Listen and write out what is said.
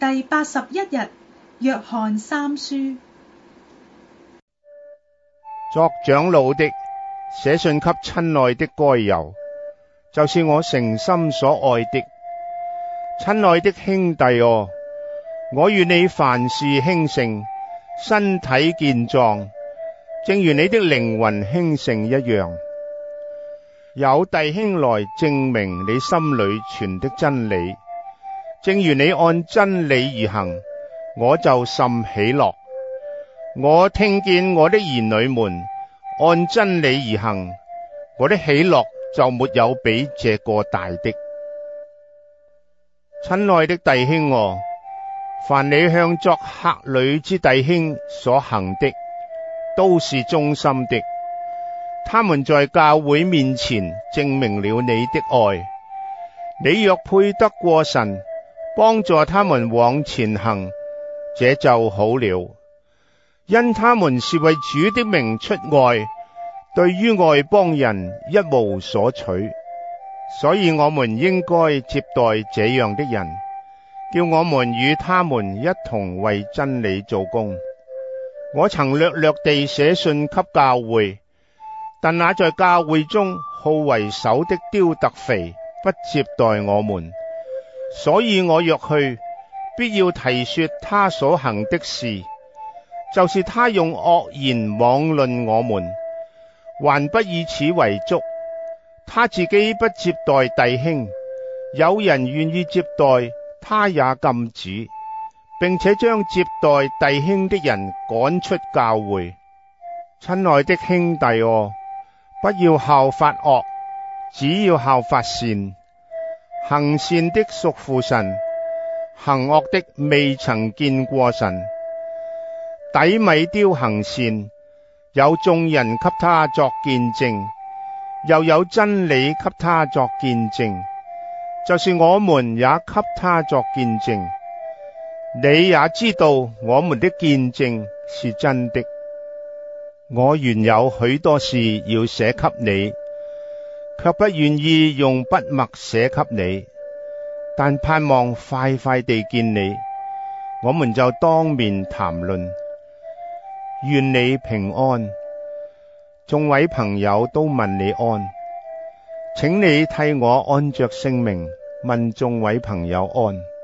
第八十一日，約翰三書。作長老的寫信給親愛的該猶，就是我誠心所愛的親愛的兄弟哦、啊，我願你凡事興盛，身體健壯，正如你的靈魂興盛一樣。有弟兄來證明你心裏存的真理。正如你按真理而行，我就甚喜樂。我聽見我的兒女們按真理而行，我的喜樂就沒有比這個大的。親愛的弟兄、啊，哦，凡你向作客旅之弟兄所行的，都是忠心的。他們在教會面前證明了你的愛。你若配得過神。幫助他們往前行，這就好了。因他們是為主的名出外，對於外邦人一無所取，所以我們應該接待這樣的人，叫我們與他們一同為真理做工。我曾略略地寫信給教會，但那在教會中好為首的丟特腓，不接待我們。所以我若去，必要提說他所行的事，就是他用惡言妄論我們，還不以此為足。他自己不接待弟兄，有人願意接待，他也禁止，並且將接待弟兄的人趕出教會。親愛的兄弟哦，不要效法惡，只要效法善。行善的屬父神，行惡的未曾見過神。底米丟行善，有眾人給他作見證，又有真理給他作見證，就是我們也給他作見證。你也知道我們的見證是真的。我原有許多事要寫給你。卻不願意用筆墨寫給你，但盼望快快地見你，我們就當面談論。願你平安，眾位朋友都問你安，請你替我按着姓名問眾位朋友安。